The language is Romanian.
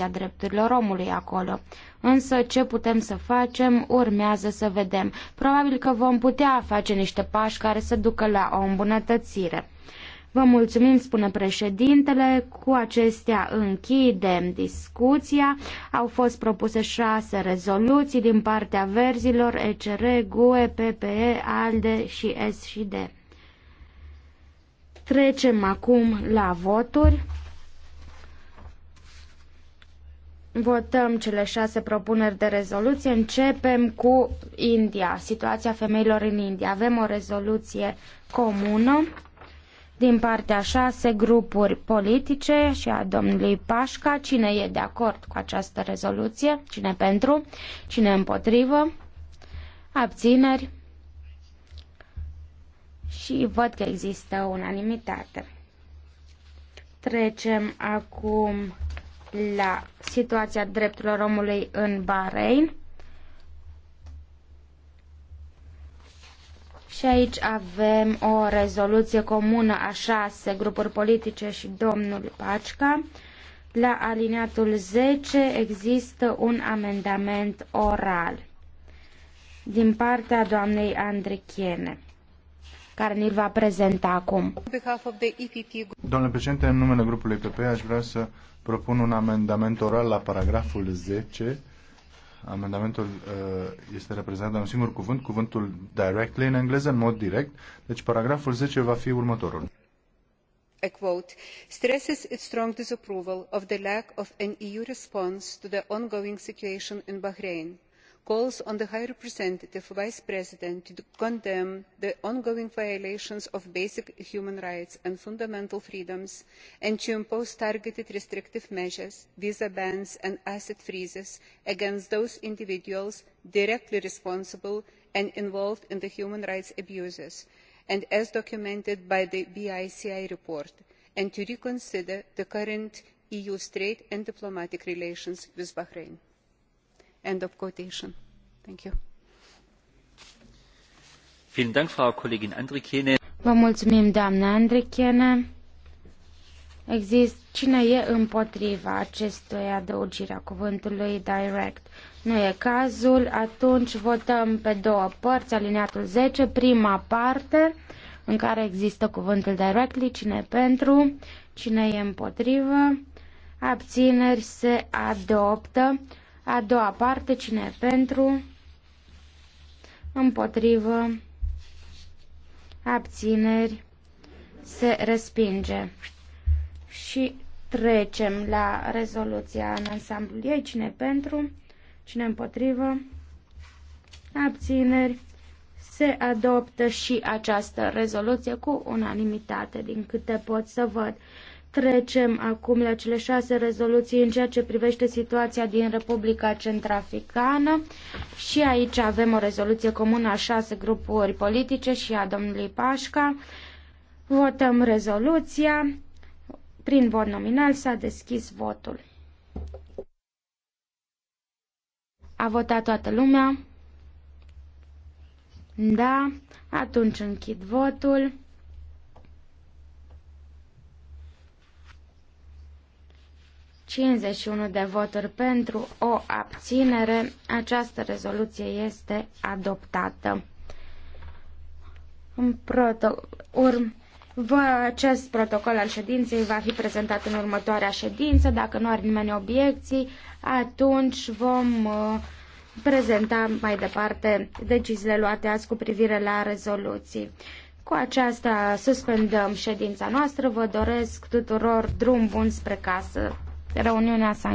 a Drepturilor Omului acolo. Însă ce putem să facem urmează să vedem. Probabil că vom putea face niște pași care să ducă la o îmbunătățire. Vă mulțumim, spune președintele. Cu acestea închidem discuția. Au fost propuse șase rezoluții din partea verzilor ECR, GUE, PPE, ALDE și S și D. Trecem acum la voturi. Votăm cele șase propuneri de rezoluție. Începem cu India, situația femeilor în India. Avem o rezoluție comună din partea șase grupuri politice și a domnului Pașca. Cine e de acord cu această rezoluție? Cine pentru? Cine împotrivă? Abțineri? Și văd că există unanimitate. Trecem acum la situația drepturilor omului în Bahrain. Și aici avem o rezoluție comună a șase grupuri politice și domnul Pacica. La alineatul 10 există un amendament oral din partea doamnei Andrichiene care ni-l va prezenta acum. Domnule președinte, în numele grupului PP aș vrea să propun un amendament oral la paragraful 10. Amendamentul uh, este reprezentat de un singur cuvânt, cuvântul directly în engleză, în mod direct. Deci paragraful 10 va fi următorul. A quote, stresses its strong disapproval of the lack of an EU response to the ongoing situation in Bahrain calls on the high representative vice president to condemn the ongoing violations of basic human rights and fundamental freedoms and to impose targeted restrictive measures visa bans and asset freezes against those individuals directly responsible and involved in the human rights abuses as documented by the bici report and to reconsider the current EU trade and diplomatic relations with bahrain. End of quotation. Thank you. Vă mulțumim, doamnă Andrichene. Exist cine e împotriva acestui adăugire a cuvântului direct. Nu e cazul, atunci votăm pe două părți, aliniatul 10, prima parte, în care există cuvântul directly, cine e pentru, cine e împotrivă, abțineri se adoptă, a doua parte, cine e pentru? Împotrivă. Abțineri. Se respinge. Și trecem la rezoluția în ansamblu. ei. Cine e pentru? Cine împotrivă? Abțineri. Se adoptă și această rezoluție cu unanimitate, din câte pot să văd. Trecem acum la cele șase rezoluții în ceea ce privește situația din Republica Centrafricană și aici avem o rezoluție comună a șase grupuri politice și a domnului Pașca. Votăm rezoluția. Prin vot nominal s-a deschis votul. A votat toată lumea? Da. Atunci închid votul. 51 de voturi pentru o abținere. Această rezoluție este adoptată. În proto- urm- Vă, acest protocol al ședinței va fi prezentat în următoarea ședință. Dacă nu are nimeni obiecții, atunci vom uh, prezenta mai departe deciziile luate azi cu privire la rezoluții. Cu aceasta suspendăm ședința noastră. Vă doresc tuturor drum bun spre casă reuniunea sa. a